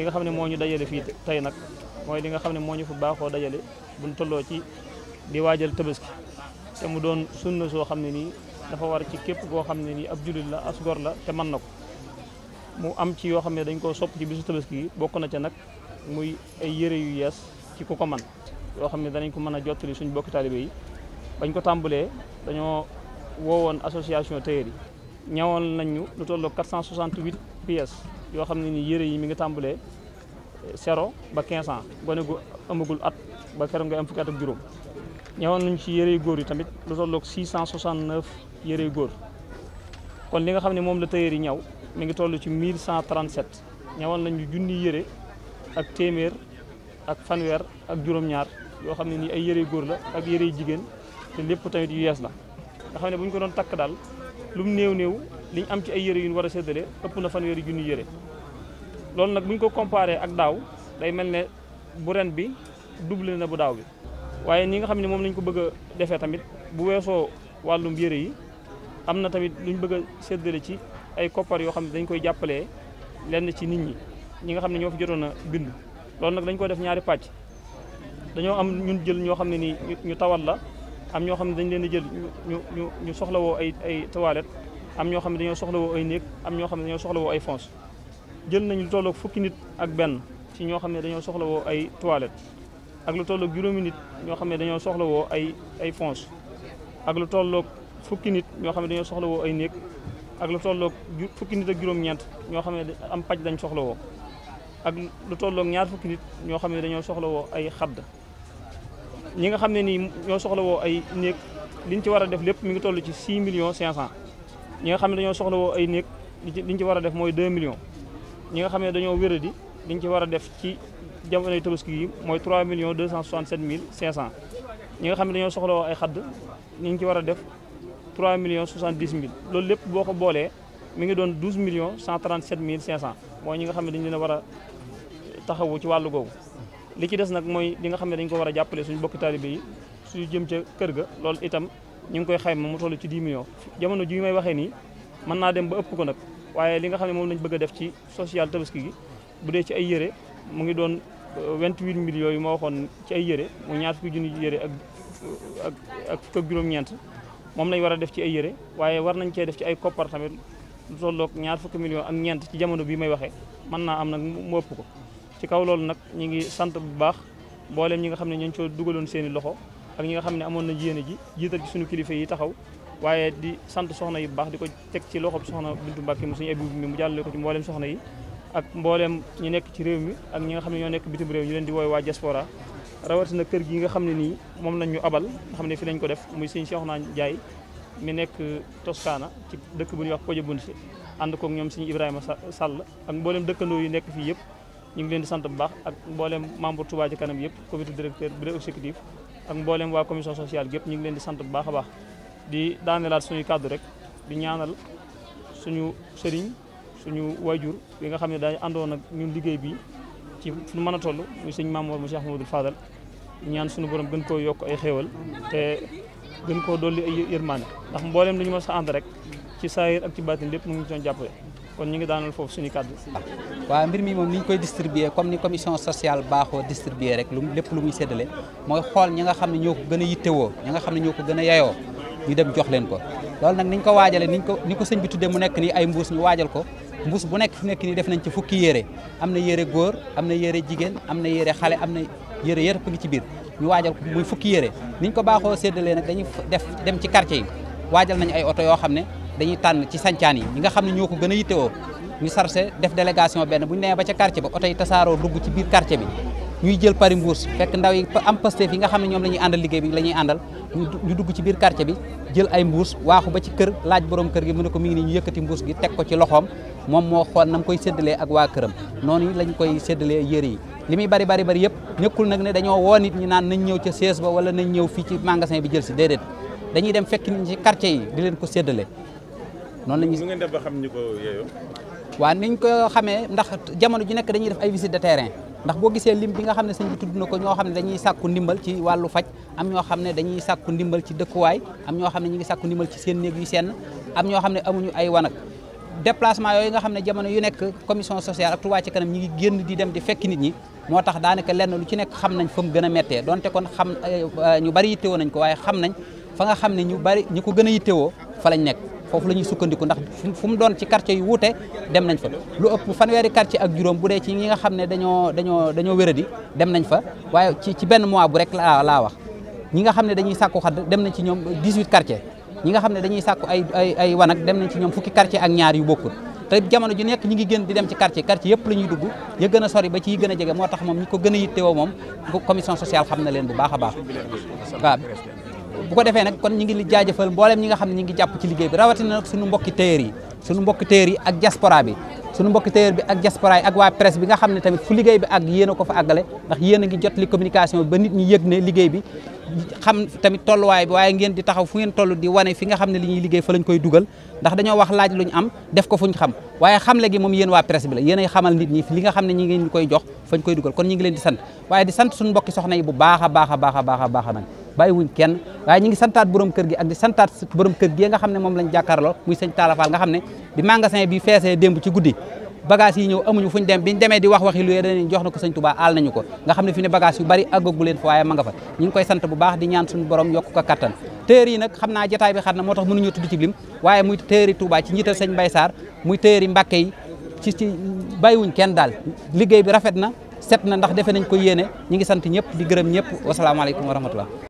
li nga xam ne moo ñu dajale fii tey nag mooy li nga xam ne moo ñu fa baaxoo dajale buñ tolloo ci di waajal tabaski mu doon sunna soo xam ne nii dafa war ci képp koo xam ne nii ab jullit la as gor la te mën na ko mu am ci yoo xam ne dañ koo sopp ci bisu tabaski bokk na ca nag muy ay yëre yu yees ci ku ko man yoo xam ne danañ ko mën a jottali suñ bokk taalibe yi bañ ko tàmbalee dañoo woowoon association tailleur yi ñawoon nañ ñu lu tolloo 468 pièces yoo xam ne ni yëre yi mi ngi tàmbalee sero ba quinze ans gone gu amagul at ba keroog nga am fukki at ak juróom ñawoon nañ ci yére góor yi tamit lu tolloog six cent soixante neuf yére góor kon li nga xam ne moom la tailleur yi ñaw mi ngi toll ci mille cent trente sept ñëwoon nañu junni yére ak téeméer ak fanweer ak juróom-ñaar yoo xam ne nii ay yére góor la ak yére yu jigéen te lépp tamit yu yees la nga xam ne bu ñu ko doon takk daal lu mu néew néew liñ am ci ay yére yu ñu war a séddale ëpp na fanweeri junni yére loolu nag bu ñu ko comparé ak daaw day mel ne bu ren bi doublé na bu daaw bi waaye ni nga xam ne moom lañ ko bëgg defee tamit bu weesoo wàllum yére yi am na tamit lu ñu bëgg a ci ay koppar yoo xam ne dañ koy jàppalee lenn ci nit ñi ñi nga xam ne ñoo fi jotoon a bindu loolu nag dañ ko def ñaari pàcc dañoo am ñun jël ñoo xam ne nii ñu tawat la am ñoo xam ne dañ leen di jël ñu ñu ñu soxlawoo ay ay toilettes am ñoo xam ne dañoo woo ay néeg am ñoo xam ne dañoo soxlawoo ay fons jël nañ lu tolloog fukki nit ak benn ci ñoo xam ne dañoo soxlawoo ay toilettes ak lu tolloog juróomi nit ñoo xam ne dañoo soxlawoo ay ay fonce ak lu tolloog fukki nit ñoo xam ne dañoo soxlawoo ay néeg ak lu tolloog fukki nit ak ñoo xam ne am paj dañ soxlawoo ak lu tolloog ñaar fukki nit ñoo xam ne dañoo soxlawoo ay xadd ñi nga xam ne nii ñoo soxlawoo ay néeg liñ ci war a def lépp mi ngi toll ci 6 millions 500 ñi nga xam ne dañoo soxlawoo ay néeg ñu ci war a def mooy 2 millions. ñi nga xam ne dañoo wéradi liñ ci war a def ci jamonoy tabaski yi mooy 3 millions 267 mille 500 ñi nga xam ne dañoo soxlawoo ay xadd ñi ci war a def 3 millions 70 mille loolu lépp boo ko boolee mi ngi doon 12 millions 137 mille 500 mooy ñi nga xam ne dañ leen a war a taxawu ci wàllu googu li ci des nag mooy li nga xam ne dañ ko war a jàppale suñu bokki taalibe yi suñu jëm ca kër ga loolu itam ñu ngi koy xayma mu toll ci 10 millions jamono ji may waxee nii mën naa dem ba ëpp ko nag waaye li nga xam ne moom lañ bëgg a def ci social tabaski bu dee ci ay yére mu ngi doon 28 euh, millions yooyu ma waxoon ci ay yére mu ñaar fukki junni yére ak ak ak fukk ak juróom-ñeent moom lañ war a def ci ay yére waaye war nañ cee def ci ay koppar tamit lu tolloog ñaar fukki million ak ñeent ci jamono bii may waxee mën naa am nag mu ëpp ko ci kaw loolu nag ñi ngi sant bu baax mboolem ñi nga xam ne ñooñu coo dugaloon seen loxo ak ñi nga xam ne amoon na yéene ji jiital ci suñu kilifa yi taxaw waaye di sant soxna yi baax di ko teg ci loxob soxna Bintu Mbàkke mu suñu Abibu mi mu jàllale ko ci mbooleem soxna yi ak mbooleem ñi nekk ci réew mi ak ñi nga xam ne ñoo nekk bitim réew ñu leen di wooy waa diaspora rawatina kër gi nga xam ne nii moom lañ ñu abal xam ne fi lañ ko def muy sëñ Seexuna Njaay mi nekk Toscana ci dëkk bu ñuy wax Poggiobuense ànd koog ñoom sëñ Ibrahima Sall ak mbooleem dëkkandoo yu nekk fii yëpp ñu ngi leen di sant bu baax ak mbooleem membre Touba ci kanam yëpp comité directeur bureau exécutif ak mbooleem waa commission sociale yëpp ñu ngi leen di sant bu baax a baax di daanelaat suñuy kàddu rek di ñaanal suñu sëriñ suñu wayjur bi nga xam ne daañu àndoon nag ñun liggéey bi ci fu mën a toll muy sëñ Mamour mu Cheikh Mamadou Fadal ñaan suñu borom gën koo yokk ay xéewal te gën koo dolli ay yërmaane ndax mbooleem lu ñu a ànd rek ci saayir ak ci baatin lépp mu ngi doon jàppale kon ñu ngi daanal foofu suñu kàddu. waaw mbir mi moom ni ñu koy distribuer comme ni commission sociale baaxoo distribuer rek lu lépp lu muy séddale mooy xool ñi nga xam ne ñoo ko gën a yittewoo ñi nga xam ne ñoo ko gën a yayoo ñu dem jox leen ko loolu nag niñ ko waajale niñ ko ni ko sëñ bi tuddee mu nekk ni ay mbuus ñu waajal ko mbuus bu nekk fi nekk nii def nañ ci fukki yére am na yére góor am na yére jigéen am na yére xale am na yére yëpp ngi ci biir ñu waajal ko muy fukki yére niñ ko baaxoo séddalee nag dañu def dem ci quartier yi waajal nañ ay oto yoo xam ne dañuy tànn ci sancaan yi ñi nga xam ne ñoo ko gën a yittewoo ñu sarse def délégation benn bu ñu demee ba ca quartier ba oto yi tasaaroo dugg ci biir quartier bi ñuy jël pari mbuus fekk ndaw yi am Pastef yi nga xam ne ñoom la ñuy àndal liggéey bi la ñuy àndal ñu dugg ci biir quartier bi jël ay mbuus waaxu ba ci kër laaj borom kër gi mu ne ko mi ngi nii ñu yëkkati mbuus gi teg ko ci loxoom moom moo xool na koy séddalee ak waa këram noonu lañ koy séddalee yëre yi li muy bari bari bari yëpp ñëkkul nag ne dañoo woo nit ñi naan nañ ñëw ca sees ba wala nañ ñëw fii ci magasin bi jël si déedéet dañuy dem fekk nit ñi ci quartier yi di leen ko séddale noonu la ñu ngeen def ba xam ñu ko yeeyoo waa niñ ko xamee ndax jamono ji nekk dañuy def ay visite de terrain ndax boo gisee lim bi nga xam ne sëñ bi tudd na ko ñoo xam ne dañuy sàkku ndimbal ci wàllu faj am ñoo xam ne dañuy sàkku ndimbal ci dëkkuwaay am ñoo xam ne ñu ngi sàkku ndimbal ci seen néeg yu seen am ñoo xam ne amuñu ay wanag déplacement yooyu nga xam ne jamono yu nekk commission sociale ak Touba ci kanam ñi ngi génn di dem di fekk nit ñi moo tax daanaka lenn lu ci nekk xam nañ fa mu gën a méttee donte kon xam euh, ñu bari yittewoo nañ ko waaye xam nañ fa nga xam ne ñu bari ñu ko gën a yittewoo fa lañ nekk foofu la ñuy sukkandiku ndax fu mu doon ci quartier yu wuute dem nañ fa lu ëpp fanweeri quartier ak juróom bu dee ci ñi nga xam ne dañoo dañoo dañoo wéradi dem nañ fa waaye ci ci benn mois bu rek laa laa wax ñi nga xam ne dañuy sàkku xadd dem nañ ci ñoom 18 quartier ñi nga xam ne dañuy sàkku ay ay ay wanag dem nañ ci ñoom fukki quartier ak ñaar yu bokkul te jamono ju nekk ñi ngi gën di dem ci quartier quartier yëpp la ñuy dugg ya gën a sori ba ci yi gën a jege moo tax moom ñi ko gën a yittewoo moom commission sociale xam na leen bu baax a baax waaw bu ko defee nag kon ñu ngi li jaajëfal mboolem ñi nga xam ne ñu ngi jàpp ci liggéey bi rawatina nag suñu mbokki téer yi suñu mbokki téer yi ak diaspora bi suñu mbokki téer bi ak diaspora yi ak waa presse bi nga xam ne tamit fu liggéey bi ak yéen ko fa àggale ndax yéen jot communication ba nit ñi yëg liggéey bi xam tamit tolluwaay bi waaye di taxaw fu ngeen toll di wane fi nga xam ne li ñuy liggéey fa lañ koy dugal ndax dañoo wax laaj luñ am def ko fuñ xam waaye xamle gi moom yéen waa presse bi la yéen ay xamal nit ñi li nga xam ne ñi ngeen koy jox fañ koy dugal kon ñi ngi leen di sant waaye di sant suñu mbokki soxna yi bu baax a baax a baax a baax a bàyyiwuñ kenn waaye ñu ngi santaat borom kër gi ak di santaat borom kër gi nga xam ne moom lañ jàkkaarloo muy sañ Talla Fall nga xam ne bi magasin bi feesee démb ci guddi bagage yi ñëw amuñu fuñ dem biñ demee di wax waxi lu dañu jox na ko sëñ Touba aal nañu ko nga xam ne fi ne bagage yu bari àggagu leen fa waaye ma fa ñu ngi koy sant bu baax di ñaan suñu borom yokk ko kattan téer yi nag xam naa jataay bi xat na moo tax mënuñu tudd ci lim waaye muy téeri Touba ci njiital sëñ Mbay Sarr muy téeri Mbàkke yi ci ci bàyyiwuñ kenn daal liggéey bi rafet na set na ndax defe nañ ko yéene ñi ngi sant ñëpp di gërëm ñëpp wasalaamaaleykum wa rahmatullah